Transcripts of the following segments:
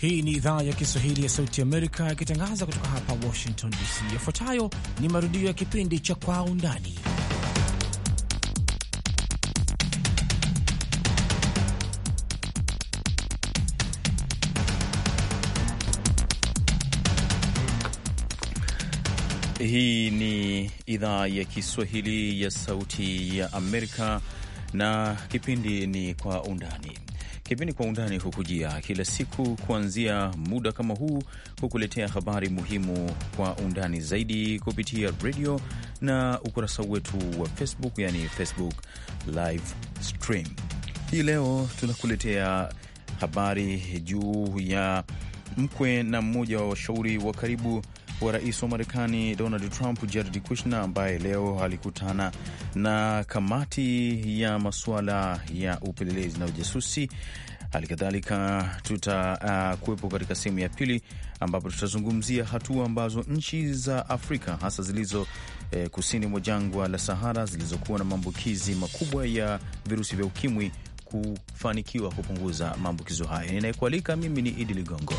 Hii ni idhaa ya Kiswahili ya Sauti Amerika ikitangaza kutoka hapa Washington DC. Yafuatayo ni marudio ya kipindi cha Kwa Undani. Hii ni idhaa ya Kiswahili ya Sauti ya Amerika na kipindi ni Kwa Undani. Kipindi Kwa Undani hukujia kila siku kuanzia muda kama huu, hukuletea habari muhimu kwa undani zaidi kupitia redio na ukurasa wetu wa Facebook, yani Facebook live stream. Hii leo tunakuletea habari juu ya mkwe na mmoja wa washauri wa karibu wa rais wa Marekani Donald Trump, Jared Kushner, ambaye leo alikutana na kamati ya masuala ya upelelezi na ujasusi. Hali kadhalika tutakuwepo uh, katika sehemu ya pili ambapo tutazungumzia hatua ambazo nchi za Afrika hasa zilizo eh, kusini mwa jangwa la Sahara zilizokuwa na maambukizi makubwa ya virusi vya ukimwi kufanikiwa kupunguza maambukizo hayo. Ninayekualika mimi ni Idi Ligongo.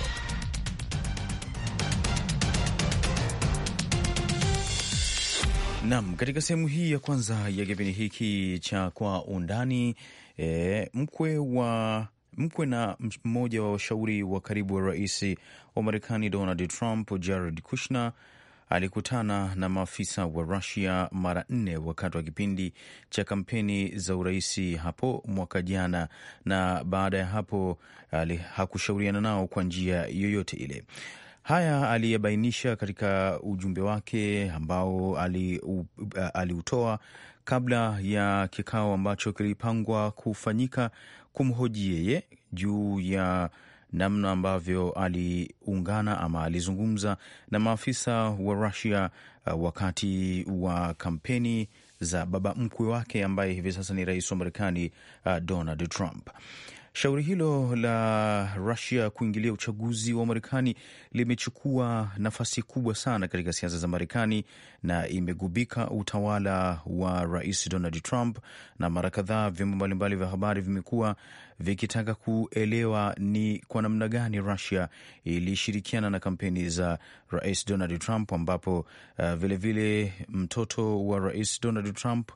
Naam, katika sehemu hii ya kwanza ya kipindi hiki cha Kwa Undani, e, mkwe wa mkwe na mmoja wa washauri wa karibu wa rais wa Marekani Donald Trump, Jared Kushner alikutana na maafisa wa Rusia mara nne wakati wa kipindi cha kampeni za uraisi hapo mwaka jana, na baada ya hapo hakushauriana nao kwa njia yoyote ile. Haya aliyebainisha katika ujumbe wake ambao aliutoa ali kabla ya kikao ambacho kilipangwa kufanyika kumhoji yeye juu ya namna ambavyo aliungana ama alizungumza na maafisa wa Rusia wakati wa kampeni za baba mkwe wake ambaye hivi sasa ni rais wa Marekani, uh, Donald Trump. Shauri hilo la Rusia kuingilia uchaguzi wa Marekani limechukua nafasi kubwa sana katika siasa za Marekani na imegubika utawala wa Rais Donald Trump, na mara kadhaa vyombo mbalimbali vya habari vimekuwa vikitaka kuelewa ni kwa namna gani Rusia ilishirikiana na kampeni za Rais Donald Trump, ambapo vilevile eh, uh, vile mtoto wa Rais Donald Trump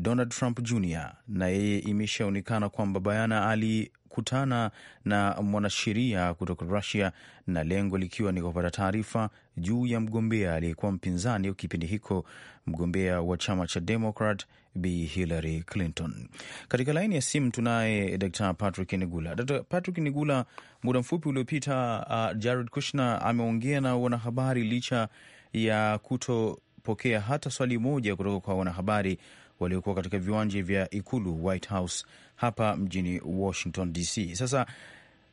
Donald Trump Jr na yeye imeshaonekana kwamba bayana alikutana na mwanasheria kutoka Rusia, na lengo likiwa ni kupata taarifa juu ya mgombea aliyekuwa mpinzani kipindi hicho, mgombea wa chama cha Democrat b Hillary Clinton. Katika laini ya simu tunaye Dr Patrick Nigula. Dr Patrick Nigula, muda mfupi uliopita uh, Jared Kushner ameongea na wanahabari licha ya kuto pokea hata swali moja kutoka kwa wanahabari waliokuwa katika viwanja vya ikulu White House hapa mjini Washington DC. Sasa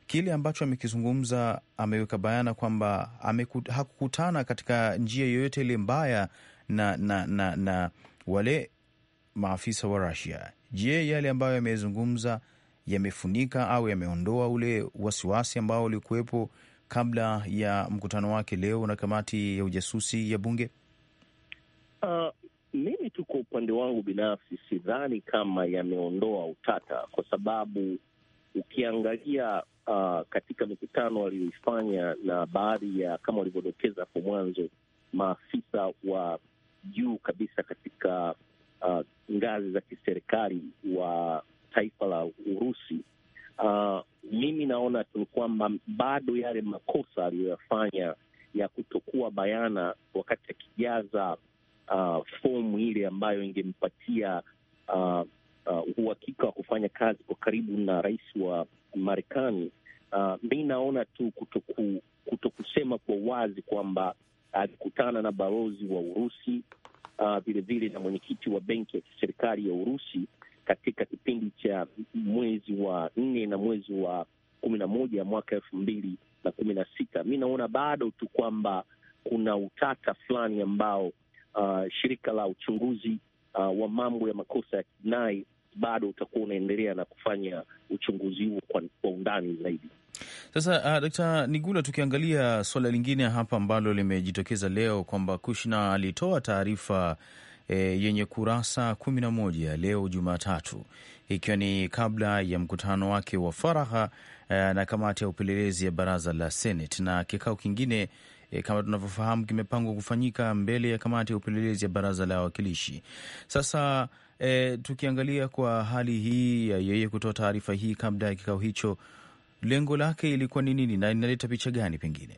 kile ambacho amekizungumza, ameweka bayana kwamba hakukutana katika njia yoyote ile mbaya na, na, na, na wale maafisa wa Russia. Je, yale ambayo yamezungumza yamefunika au yameondoa ule wasiwasi ambao ulikuwepo kabla ya mkutano wake leo na kamati ya ujasusi ya bunge? Uh, mimi tu kwa upande wangu binafsi sidhani kama yameondoa utata, kwa sababu ukiangalia uh, katika mikutano aliyoifanya na baadhi ya kama walivyodokeza hapo mwanzo, maafisa wa juu kabisa katika uh, ngazi za kiserikali wa taifa la Urusi, uh, mimi naona tu kwamba bado yale makosa aliyoyafanya ya kutokuwa bayana wakati akijaza uh, fomu ile ambayo ingempatia uh, uh, uhakika wa kufanya kazi kwa karibu na rais wa Marekani. Uh, mi naona tu kutoku, kutokusema kwa wazi kwamba alikutana uh, na balozi wa Urusi vilevile uh, na mwenyekiti wa benki ya kiserikali ya Urusi katika kipindi cha mwezi wa nne na mwezi wa kumi na moja mwaka elfu mbili na kumi na sita. Mi naona bado tu kwamba kuna utata fulani ambao uh, shirika la uchunguzi uh, wa mambo ya makosa ya kinai bado utakuwa unaendelea na kufanya uchunguzi huo kwa, kwa undani zaidi. Sasa uh, Dkt. Nigula, tukiangalia suala lingine hapa ambalo limejitokeza leo kwamba Kushna alitoa taarifa e, yenye kurasa kumi na moja leo Jumatatu, ikiwa ni kabla ya mkutano wake wa faraha e, na kamati ya upelelezi ya baraza la Senate na kikao kingine e, kama tunavyofahamu kimepangwa kufanyika mbele ya kamati ya upelelezi ya baraza la wawakilishi. Sasa e, tukiangalia kwa hali hii ya yeye kutoa taarifa hii kabla ya kikao hicho, lengo lake ilikuwa ni nini na inaleta picha gani? Pengine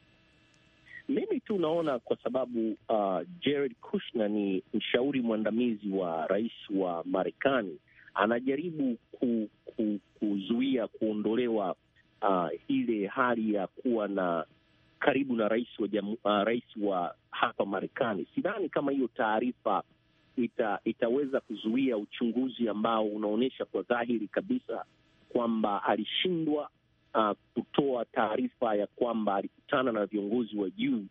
mimi tu naona kwa sababu uh, Jared Kushner ni mshauri mwandamizi wa rais wa Marekani anajaribu ku, ku, kuzuia kuondolewa uh, ile hali ya kuwa na karibu na rais wa jamu, uh, rais wa hapa Marekani. Sidhani kama hiyo taarifa ita, itaweza kuzuia uchunguzi ambao unaonyesha kwa dhahiri kabisa kwamba alishindwa uh, kutoa taarifa ya kwamba alikutana na viongozi wa juu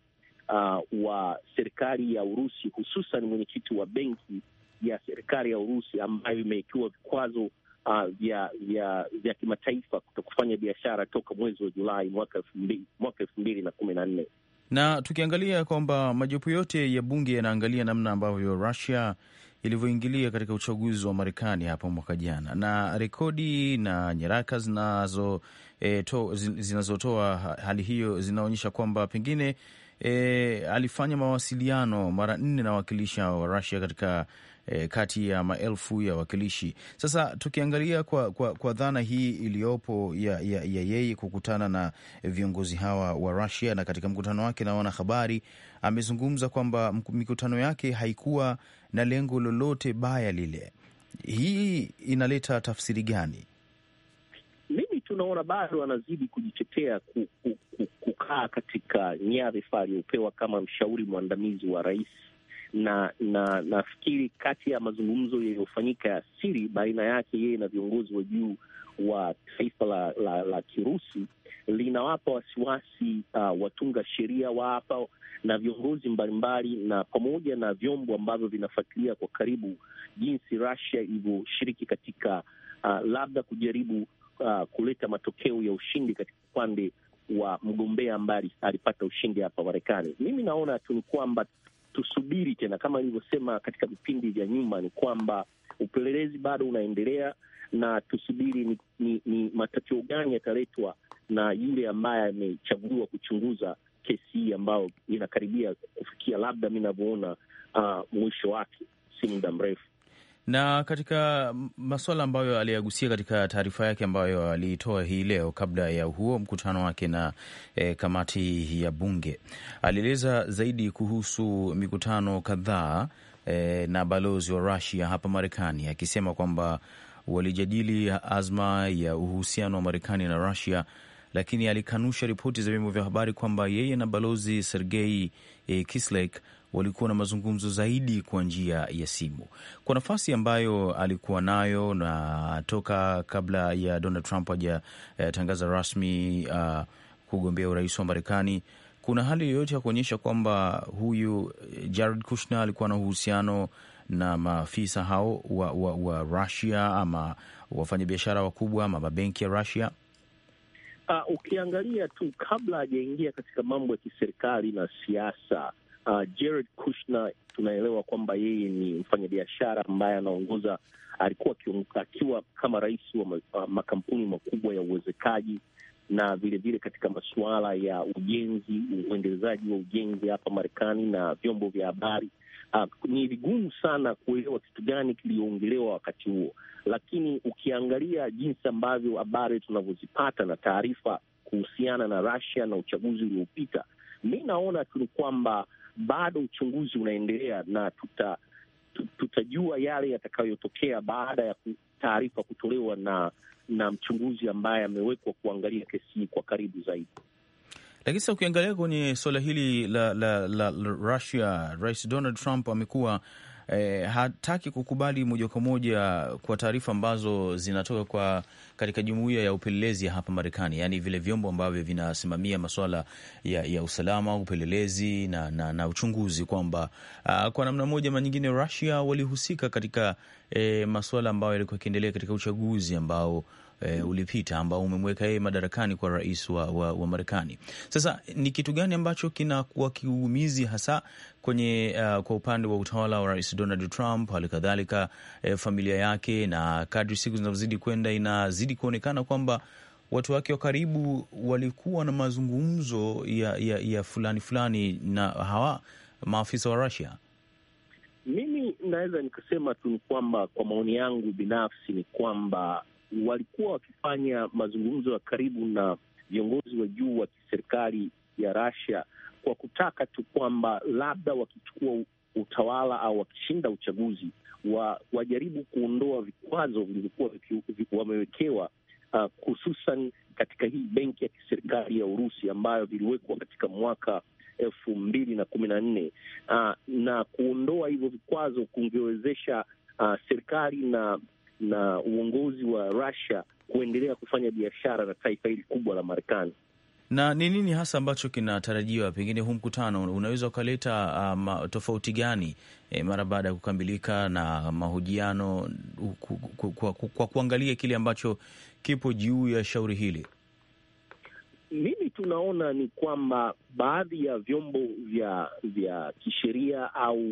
uh, wa serikali ya Urusi, hususan mwenyekiti wa benki ya serikali ya Urusi ambayo imewekiwa vikwazo uh, vya vya vya kimataifa kuto kufanya biashara toka mwezi wa Julai mwaka elfu mbili na kumi na nne na tukiangalia kwamba majopo yote ya bunge yanaangalia namna ambavyo Russia ilivyoingilia katika uchaguzi wa Marekani hapo mwaka jana, na rekodi na nyaraka zinazotoa e, zinazotoa hali hiyo zinaonyesha kwamba pengine e, alifanya mawasiliano mara nne na wawakilishi wa Russia katika e, kati ya maelfu ya wakilishi. Sasa tukiangalia kwa, kwa, kwa dhana hii iliyopo ya, ya, ya yeye kukutana na viongozi hawa wa Russia, na katika mkutano wake na wanahabari amezungumza kwamba mikutano yake haikuwa na lengo lolote baya lile. Hii inaleta tafsiri gani? Mimi tunaona bado anazidi kujitetea ku, ku, ku, kukaa katika nyadhifa aliyopewa kama mshauri mwandamizi wa rais na na nafikiri kati ya mazungumzo yaliyofanyika ya siri baina yake yeye na viongozi wa juu wa taifa la, la, la Kirusi linawapa wasiwasi uh, watunga sheria wa hapa na viongozi mbalimbali na pamoja na vyombo ambavyo vinafuatilia kwa karibu jinsi Russia ilivyoshiriki katika uh, labda kujaribu uh, kuleta matokeo ya ushindi katika upande wa mgombea ambaye alipata ushindi hapa Marekani. Mimi naona tu ni kwamba tusubiri tena, kama ilivyosema katika vipindi vya nyuma, ni kwamba upelelezi bado unaendelea na tusubiri ni, ni, ni matokeo gani yataletwa na yule ambaye amechaguliwa kuchunguza kesi hii ambayo inakaribia kufikia labda mi navyoona, uh, mwisho wake si muda mrefu na katika masuala ambayo aliyagusia katika taarifa yake ambayo aliitoa hii leo kabla ya huo mkutano wake na e, kamati ya bunge, alieleza zaidi kuhusu mikutano kadhaa e, na balozi wa Rusia hapa Marekani akisema kwamba walijadili azma ya uhusiano wa Marekani na russia lakini alikanusha ripoti za vyombo vya habari kwamba yeye na balozi Sergei e, Kislyak walikuwa na mazungumzo zaidi kwa njia ya simu, kwa nafasi ambayo alikuwa nayo na toka kabla ya Donald Trump hajatangaza eh, rasmi uh, kugombea urais wa Marekani. Kuna hali yoyote ya kuonyesha kwamba huyu eh, Jared Kushner alikuwa na uhusiano na maafisa hao wa, wa, wa Russia ama wafanyabiashara wakubwa ama mabenki ya Russia? Uh, ukiangalia tu kabla hajaingia katika mambo ya kiserikali na siasa Uh, Jared Kushner tunaelewa kwamba yeye ni mfanyabiashara ambaye anaongoza, alikuwa akiwa kama rais wa uh, makampuni makubwa ya uwezekaji na vilevile vile katika masuala ya ujenzi, uendelezaji wa ujenzi hapa Marekani na vyombo vya habari. Uh, ni vigumu sana kuelewa kitu gani kiliyoongelewa wakati huo, lakini ukiangalia jinsi ambavyo habari tunavyozipata na taarifa kuhusiana na Russia na uchaguzi uliopita, mi naona tu ni kwamba bado uchunguzi unaendelea na tuta, tutajua yale yatakayotokea baada ya taarifa kutolewa na na mchunguzi ambaye amewekwa kuangalia kesi hii kwa karibu zaidi. Lakini sasa ukiangalia kwenye suala hili la, la, la, la Russia, Rais Donald Trump amekuwa eh, hataki kukubali moja kwa moja kwa taarifa ambazo zinatoka kwa katika jumuiya ya upelelezi ya hapa Marekani, yaani vile vyombo ambavyo vinasimamia masuala ya, ya usalama, upelelezi na, na, na uchunguzi kwamba uh, kwa namna moja ama nyingine Russia walihusika katika eh, masuala ambayo yalikuwa yakiendelea katika uchaguzi ambao eh, ulipita ambao umemweka yeye madarakani kwa rais wa, wa, wa Marekani. Sasa ni kitu gani ambacho kinakuwa kiumizi hasa kwenye uh, kwa upande wa utawala wa rais Donald Trump, hali kadhalika eh, familia yake, na kadri siku zinavyozidi kwenda inazidi kuonekana kwamba watu wake wa karibu walikuwa na mazungumzo ya, ya, ya fulani fulani na hawa maafisa wa Russia. Mimi naweza nikasema tu ni kwamba kwa maoni yangu binafsi ni kwamba walikuwa wakifanya mazungumzo ya karibu na viongozi wa juu wa kiserikali ya Russia kwa kutaka tu kwamba labda wakichukua utawala au wakishinda uchaguzi wa, wajaribu kuondoa vikwazo vilivyokuwa wamewekewa uh, hususan uh, katika hii benki ya kiserikali ya Urusi ambayo viliwekwa katika mwaka elfu mbili na kumi na nne uh, na kuondoa hivyo vikwazo kungewezesha uh, serikali na na uongozi wa Russia kuendelea kufanya biashara na taifa hili kubwa la Marekani. Na ni nini hasa ambacho kinatarajiwa? Pengine huu mkutano unaweza ukaleta um, tofauti gani e, mara baada ya kukamilika na mahojiano kwa, kwa, kwa, kwa kuangalia kile ambacho kipo juu ya shauri hili? Mimi tunaona ni kwamba baadhi ya vyombo vya vya kisheria au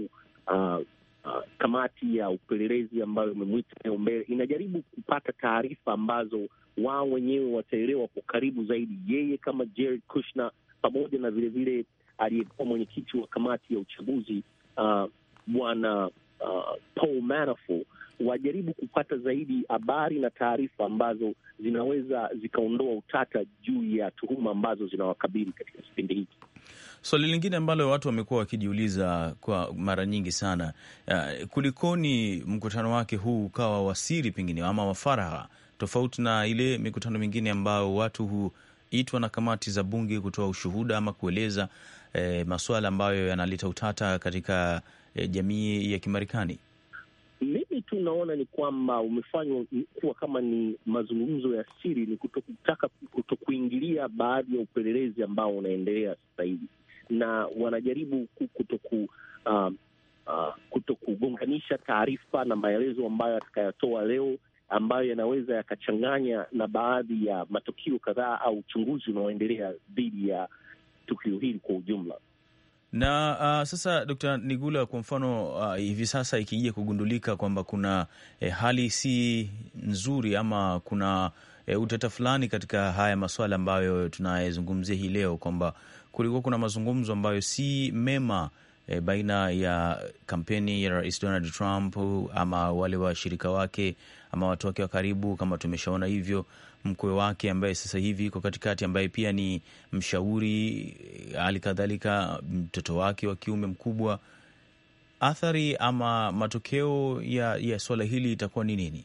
uh, uh, kamati ya upelelezi ambayo imemwita leo mbele inajaribu kupata taarifa ambazo wao wenyewe wataelewa kwa karibu zaidi, yeye kama Jared Kushner pamoja na vilevile aliyekuwa mwenyekiti wa kamati ya uchaguzi uh, bwana uh, uh, Paul Manafort wajaribu kupata zaidi habari na taarifa ambazo zinaweza zikaondoa utata juu ya tuhuma ambazo zinawakabili katika kipindi hiki. Swali so, lingine ambalo watu wamekuwa wakijiuliza kwa mara nyingi sana uh, kulikoni mkutano wake huu ukawa wa siri pengine ama wa faraha, tofauti na ile mikutano mingine ambayo watu huitwa na kamati za bunge kutoa ushuhuda ama kueleza eh, masuala ambayo yanaleta utata katika eh, jamii ya Kimarekani. Ukweli tu unaona ni kwamba umefanywa kuwa kama ni mazungumzo ya siri, ni kutokutaka kutokuingilia baadhi ya upelelezi ambao unaendelea sasa hivi, na wanajaribu kutoku uh, uh, kutokugonganisha taarifa na maelezo ambayo atakayatoa leo ambayo yanaweza yakachanganya na baadhi ya matukio kadhaa au uchunguzi unaoendelea dhidi ya tukio hili kwa ujumla na uh, sasa Dr. Nigula, kwa mfano uh, hivi sasa ikija kugundulika kwamba kuna eh, hali si nzuri ama kuna eh, utata fulani katika haya maswala ambayo tunayezungumzia hii leo kwamba kulikuwa kuna mazungumzo ambayo si mema eh, baina ya kampeni ya Rais Donald Trump ama wale washirika wake ama watu wake wa karibu, kama tumeshaona hivyo mkwe wake ambaye sasa hivi iko katikati, ambaye pia ni mshauri, hali kadhalika mtoto wake wa kiume mkubwa. Athari ama matokeo ya, ya suala hili itakuwa ni nini?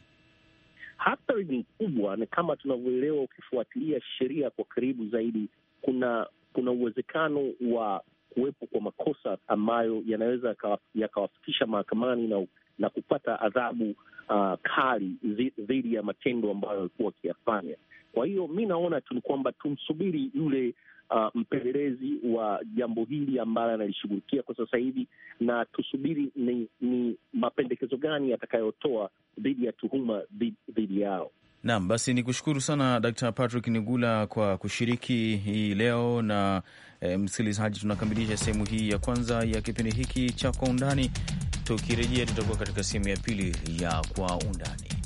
Athari ni kubwa, ni kama tunavyoelewa, ukifuatilia sheria kwa karibu zaidi, kuna kuna uwezekano wa kuwepo kwa makosa ambayo yanaweza yakawafikisha mahakamani na, na kupata adhabu uh, kali dhidi ya matendo ambayo walikuwa wakiyafanya. Kwa hiyo mi naona tu ni kwamba tumsubiri yule uh, mpelelezi wa jambo hili ambayo analishughulikia kwa sasa hivi, na tusubiri ni, ni mapendekezo gani yatakayotoa dhidi ya tuhuma dhidi yao. Naam, basi ni kushukuru sana Dr. Patrick Nigula kwa kushiriki hii leo na e, msikilizaji, tunakamilisha sehemu hii ya kwanza ya kipindi hiki cha Kwa Undani. Tukirejea tutakuwa katika sehemu ya pili ya Kwa Undani.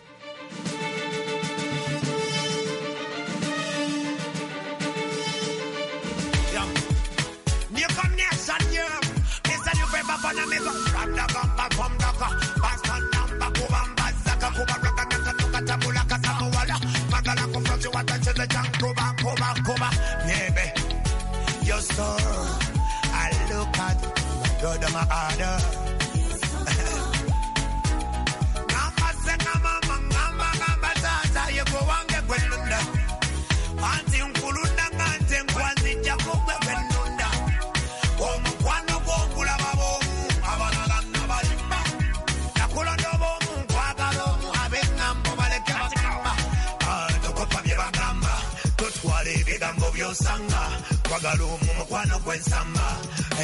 your uh, I look at God, i of my heart. Uh, njagala omwo mukwano gwensamba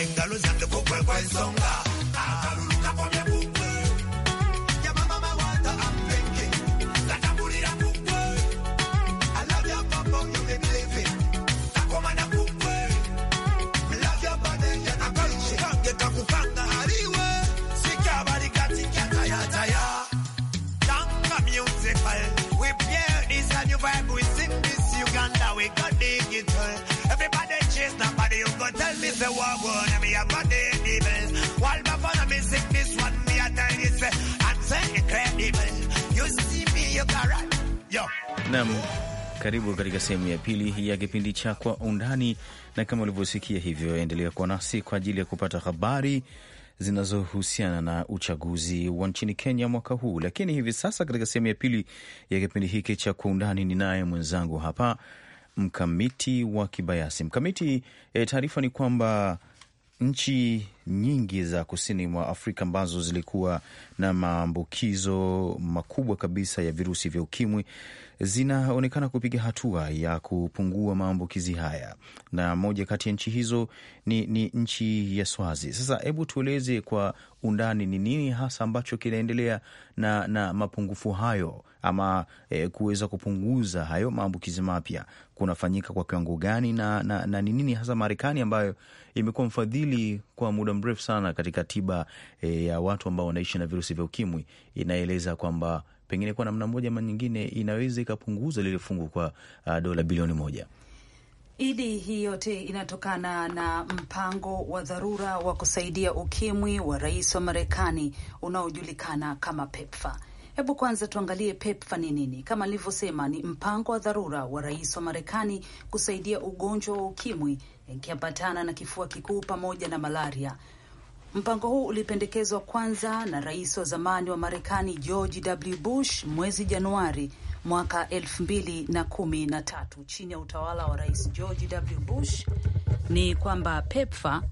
engalo zange kugwe gwensonga Nam, karibu katika sehemu ya pili ya kipindi cha Kwa Undani, na kama ulivyosikia hivyo, endelea kuwa nasi kwa ajili ya kupata habari zinazohusiana na uchaguzi wa nchini Kenya mwaka huu. Lakini hivi sasa katika sehemu ya pili ya kipindi hiki cha Kwa Undani, ninaye mwenzangu hapa Mkamiti wa Kibayasi. Mkamiti, e, taarifa ni kwamba nchi nyingi za kusini mwa Afrika ambazo zilikuwa na maambukizo makubwa kabisa ya virusi vya ukimwi zinaonekana kupiga hatua ya kupungua maambukizi haya, na moja kati ya nchi hizo ni, ni nchi ya Swazi. Sasa hebu tueleze kwa undani ni nini hasa ambacho kinaendelea na, na mapungufu hayo ama e, kuweza kupunguza hayo maambukizi mapya kunafanyika kwa kiwango gani, na na, na, ni nini hasa Marekani ambayo imekuwa mfadhili kwa muda mrefu sana katika tiba e, ya watu ambao wanaishi na virusi vya ukimwi inaeleza kwamba pengine kwa namna moja ama nyingine inaweza ikapunguza lile fungu kwa uh, dola bilioni moja. Idi, hii yote inatokana na mpango wa dharura wa kusaidia ukimwi wa rais wa Marekani unaojulikana kama PEPFA. Hebu kwanza tuangalie PEPFA ni nini. Kama alivyosema, ni mpango wa dharura wa rais wa Marekani kusaidia ugonjwa wa ukimwi ikiambatana na kifua kikuu pamoja na malaria. Mpango huu ulipendekezwa kwanza na rais wa zamani wa Marekani George W. Bush mwezi Januari mwaka elfu mbili na kumi na tatu chini ya utawala wa Rais George W. Bush ni kwamba pepfa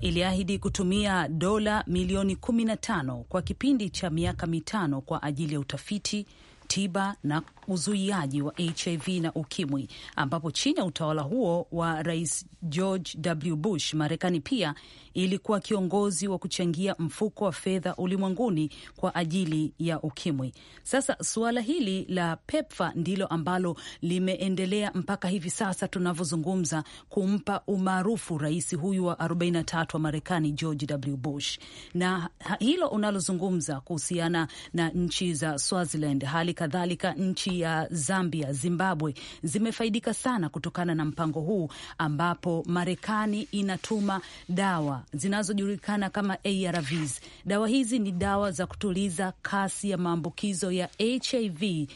iliahidi kutumia dola milioni 15 kwa kipindi cha miaka mitano kwa ajili ya utafiti tiba na uzuiaji wa HIV na ukimwi, ambapo chini ya utawala huo wa Rais George W. Bush, Marekani pia ilikuwa kiongozi wa kuchangia mfuko wa fedha ulimwenguni kwa ajili ya ukimwi. Sasa suala hili la PEPFA ndilo ambalo limeendelea mpaka hivi sasa tunavyozungumza, kumpa umaarufu rais huyu wa 43 wa Marekani, George W. Bush, na hilo unalozungumza kuhusiana na nchi za Swaziland hali kadhalika nchi ya Zambia, Zimbabwe zimefaidika sana kutokana na mpango huu, ambapo Marekani inatuma dawa zinazojulikana kama ARVs. Dawa hizi ni dawa za kutuliza kasi ya maambukizo ya HIV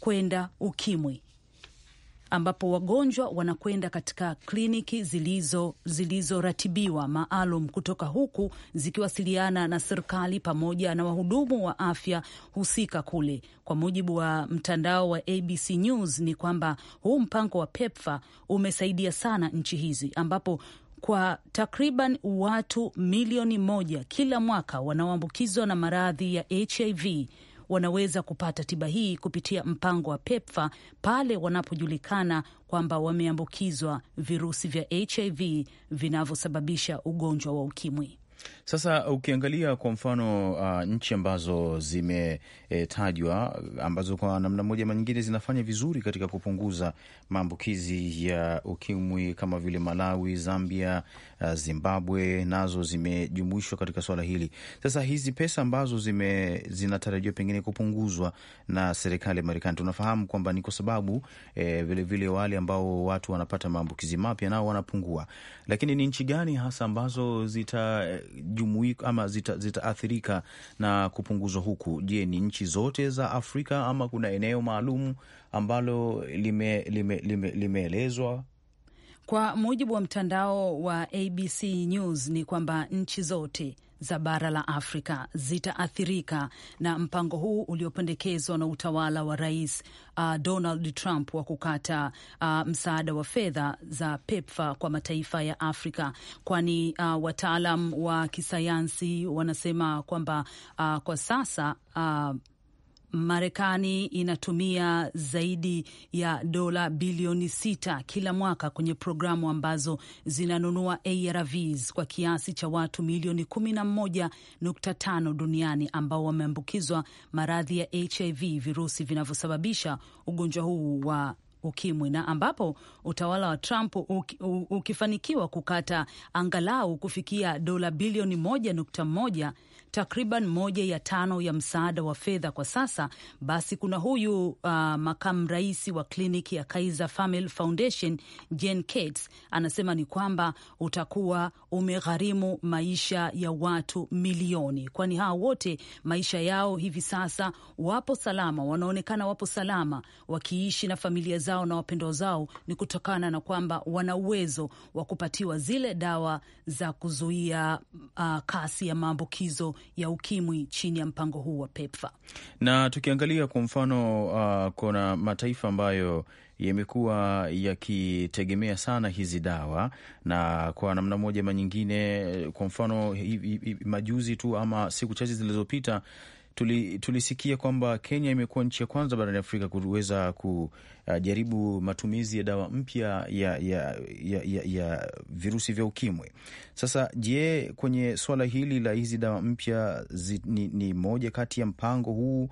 kwenda ukimwi ambapo wagonjwa wanakwenda katika kliniki zilizo zilizoratibiwa maalum kutoka huku zikiwasiliana na serikali pamoja na wahudumu wa afya husika kule. Kwa mujibu wa mtandao wa ABC News ni kwamba huu mpango wa pepfa umesaidia sana nchi hizi ambapo kwa takriban watu milioni moja kila mwaka wanaoambukizwa na maradhi ya HIV wanaweza kupata tiba hii kupitia mpango wa pepfa pale wanapojulikana kwamba wameambukizwa virusi vya HIV vinavyosababisha ugonjwa wa ukimwi. Sasa ukiangalia kwa mfano uh, nchi ambazo zimetajwa e, ambazo kwa namna moja ama nyingine zinafanya vizuri katika kupunguza maambukizi ya ukimwi kama vile Malawi, Zambia, uh, Zimbabwe nazo zimejumuishwa katika swala hili. Sasa hizi pesa ambazo zime, zinatarajiwa pengine kupunguzwa na serikali ya Marekani, tunafahamu kwamba ni kwa sababu vilevile eh, vile wale ambao watu wanapata maambukizi mapya nao wanapungua, lakini ni nchi gani hasa ambazo zita eh, zitajumuika ama zitaathirika zita na kupunguzwa huku? Je, ni nchi zote za Afrika ama kuna eneo maalum ambalo limeelezwa lime, lime, lime kwa mujibu wa mtandao wa ABC News ni kwamba nchi zote za bara la Afrika zitaathirika na mpango huu uliopendekezwa na utawala wa Rais uh, Donald Trump wa kukata uh, msaada wa fedha za pepfa kwa mataifa ya Afrika, kwani uh, wataalam wa kisayansi wanasema kwamba uh, kwa sasa uh, Marekani inatumia zaidi ya dola bilioni sita kila mwaka kwenye programu ambazo zinanunua ARVs kwa kiasi cha watu milioni kumi na moja nukta tano duniani ambao wameambukizwa maradhi ya HIV, virusi vinavyosababisha ugonjwa huu wa ukimwi na ambapo utawala wa Trump ukifanikiwa kukata angalau kufikia dola bilioni moja nukta moja takriban moja ya tano ya msaada wa fedha kwa sasa, basi kuna huyu uh, makamu rais wa kliniki ya Kaiser Family Foundation Jen Kates anasema ni kwamba utakuwa umegharimu maisha ya watu milioni, kwani hawa wote maisha yao hivi sasa wapo salama, wanaonekana wapo salama wakiishi na familia zao na wapendwa zao, ni kutokana na kwamba wana uwezo wa kupatiwa zile dawa za kuzuia uh, kasi ya maambukizo ya ukimwi chini ya mpango huu wa PEPFA. Na tukiangalia kwa mfano uh, kuna mataifa ambayo yamekuwa yakitegemea sana hizi dawa na kwa namna moja ama nyingine, kwa mfano hi, hi, majuzi tu ama siku chache zilizopita tuli, tulisikia kwamba Kenya imekuwa nchi ya kwanza barani Afrika kuweza kujaribu matumizi ya dawa mpya ya, ya, ya, ya, ya virusi vya ukimwi. Sasa je, kwenye suala hili la hizi dawa mpya ni, ni moja kati ya mpango huu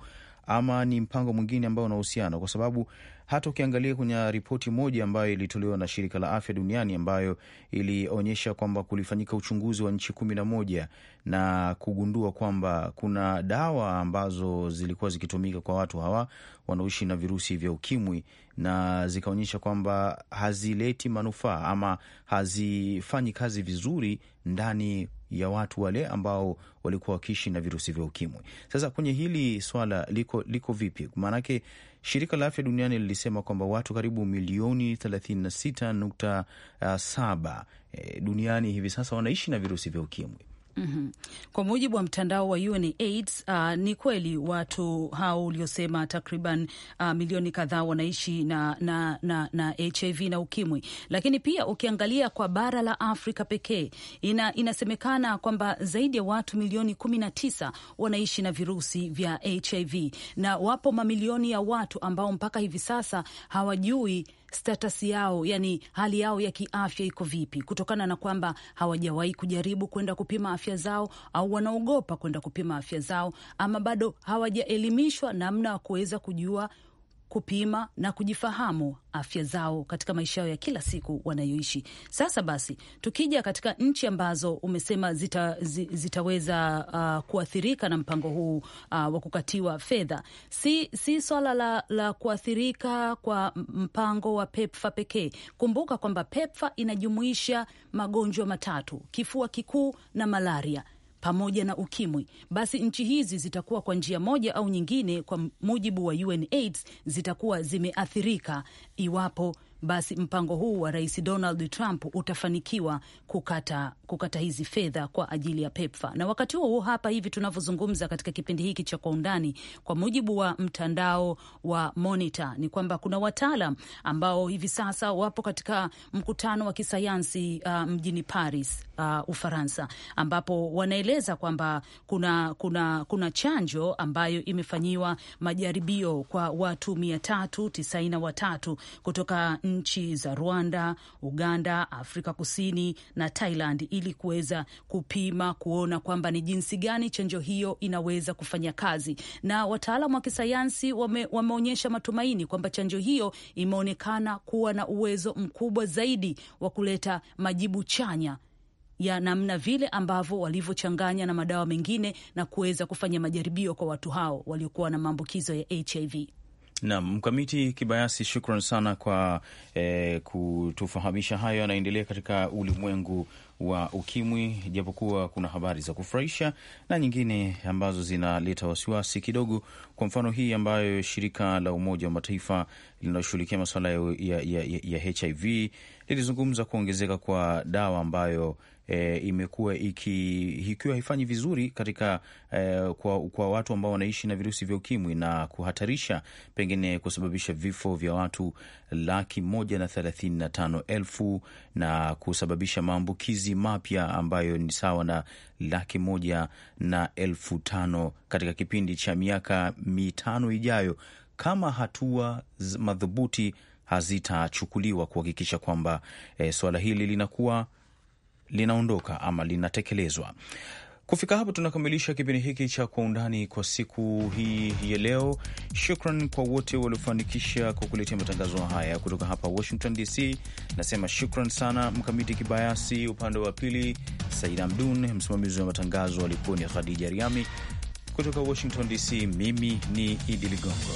ama ni mpango mwingine ambao unahusiana kwa sababu hata ukiangalia kwenye ripoti moja ambayo ilitolewa na shirika la afya duniani ambayo ilionyesha kwamba kulifanyika uchunguzi wa nchi kumi na moja na kugundua kwamba kuna dawa ambazo zilikuwa zikitumika kwa watu hawa wanaoishi na virusi vya ukimwi na zikaonyesha kwamba hazileti manufaa ama hazifanyi kazi vizuri ndani ya watu wale ambao walikuwa wakiishi na virusi vya ukimwi. Sasa kwenye hili swala liko, liko vipi? Maanake Shirika la Afya Duniani lilisema kwamba watu karibu milioni 36.7 eh, eh, duniani hivi sasa wanaishi na virusi vya ukimwi. Mm -hmm. Kwa mujibu wa mtandao wa UNAIDS, uh, ni kweli watu hao uliosema takriban uh, milioni kadhaa wanaishi na, na, na, na HIV na ukimwi, lakini pia ukiangalia kwa bara la Afrika pekee ina, inasemekana kwamba zaidi ya watu milioni kumi na tisa wanaishi na virusi vya HIV na wapo mamilioni ya watu ambao mpaka hivi sasa hawajui status yao, yani hali yao ya kiafya iko vipi, kutokana na kwamba hawajawahi kujaribu kwenda kupima afya zao, au wanaogopa kwenda kupima afya zao, ama bado hawajaelimishwa namna ya kuweza kujua kupima na kujifahamu afya zao katika maisha yao ya kila siku wanayoishi. Sasa basi, tukija katika nchi ambazo umesema zita, zitaweza uh, kuathirika na mpango huu uh, wa kukatiwa fedha, si, si swala la, la kuathirika kwa mpango wa PEPFA pekee. Kumbuka kwamba PEPFA inajumuisha magonjwa matatu: kifua kikuu na malaria pamoja na ukimwi, basi nchi hizi zitakuwa kwa njia moja au nyingine, kwa mujibu wa UNAIDS, zitakuwa zimeathirika iwapo basi mpango huu wa Rais Donald Trump utafanikiwa kukata, kukata hizi fedha kwa ajili ya PEPFAR. Na wakati huo huo hapa hivi tunavyozungumza katika kipindi hiki cha Kwa Undani, kwa mujibu wa mtandao wa Monitor ni kwamba kuna wataalam ambao hivi sasa wapo katika mkutano wa kisayansi uh, mjini Paris uh, Ufaransa, ambapo wanaeleza kwamba kuna, kuna, kuna chanjo ambayo imefanyiwa majaribio kwa watu mia tatu tisaini na watatu kutoka nchi za Rwanda, Uganda, Afrika Kusini na Thailand ili kuweza kupima kuona kwamba ni jinsi gani chanjo hiyo inaweza kufanya kazi, na wataalam wa kisayansi wame, wameonyesha matumaini kwamba chanjo hiyo imeonekana kuwa na uwezo mkubwa zaidi wa kuleta majibu chanya ya namna vile ambavyo walivyochanganya na madawa mengine na kuweza kufanya majaribio kwa watu hao waliokuwa na maambukizo ya HIV. Naam, Mkamiti Kibayasi, shukran sana kwa eh, kutufahamisha hayo yanaendelea katika ulimwengu wa ukimwi, japokuwa kuna habari za kufurahisha na nyingine ambazo zinaleta wasiwasi kidogo. Kwa mfano hii ambayo shirika la Umoja wa Mataifa linaloshughulikia masuala ya, ya, ya, ya HIV lilizungumza kuongezeka kwa dawa ambayo e, imekuwa iki, ikiwa haifanyi vizuri katika e, kwa, kwa watu ambao wanaishi na virusi vya ukimwi na kuhatarisha pengine kusababisha vifo vya watu laki moja na thelathini na tano elfu na kusababisha maambukizi mapya ambayo ni sawa na laki moja na elfu tano katika kipindi cha miaka mitano ijayo kama hatua madhubuti hazitachukuliwa kuhakikisha kwamba e, suala hili linakuwa linaondoka ama linatekelezwa. Kufika hapo tunakamilisha kipindi hiki cha Kwa Undani kwa siku hii ya leo. Shukran kwa wote waliofanikisha kukuletea matangazo haya kutoka hapa Washington DC. Nasema shukran sana Mkamiti Kibayasi, upande wa pili Saida Amdun, msimamizi wa matangazo alikuwa ni Khadija Riami. Kutoka Washington DC, mimi ni Idi Ligongo.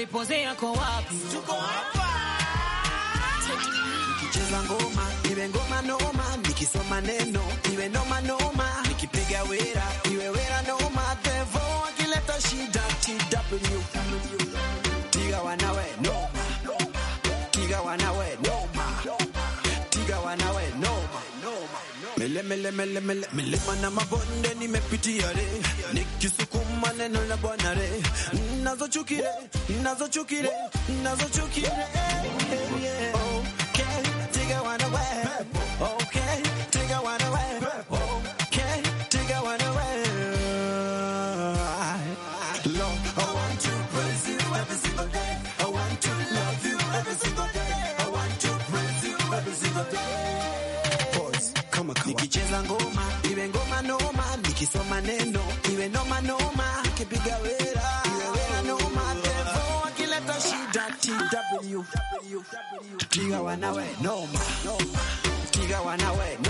umenipozea ko wapi? Tuko hapa nikicheza ngoma iwe ngoma noma, nikisoma neno iwe noma noma, nikipiga wera iwe wera noma, tevo akileta shida TW tiga wanawe noma, tiga wanawe noma, tiga wanawe mele mele mele mele milima na mabonde nimepitia re nikisukuma neno la Bwana re nazochukire nazochukire nazochukire wanawe noma, noma. Piga wanawe noma.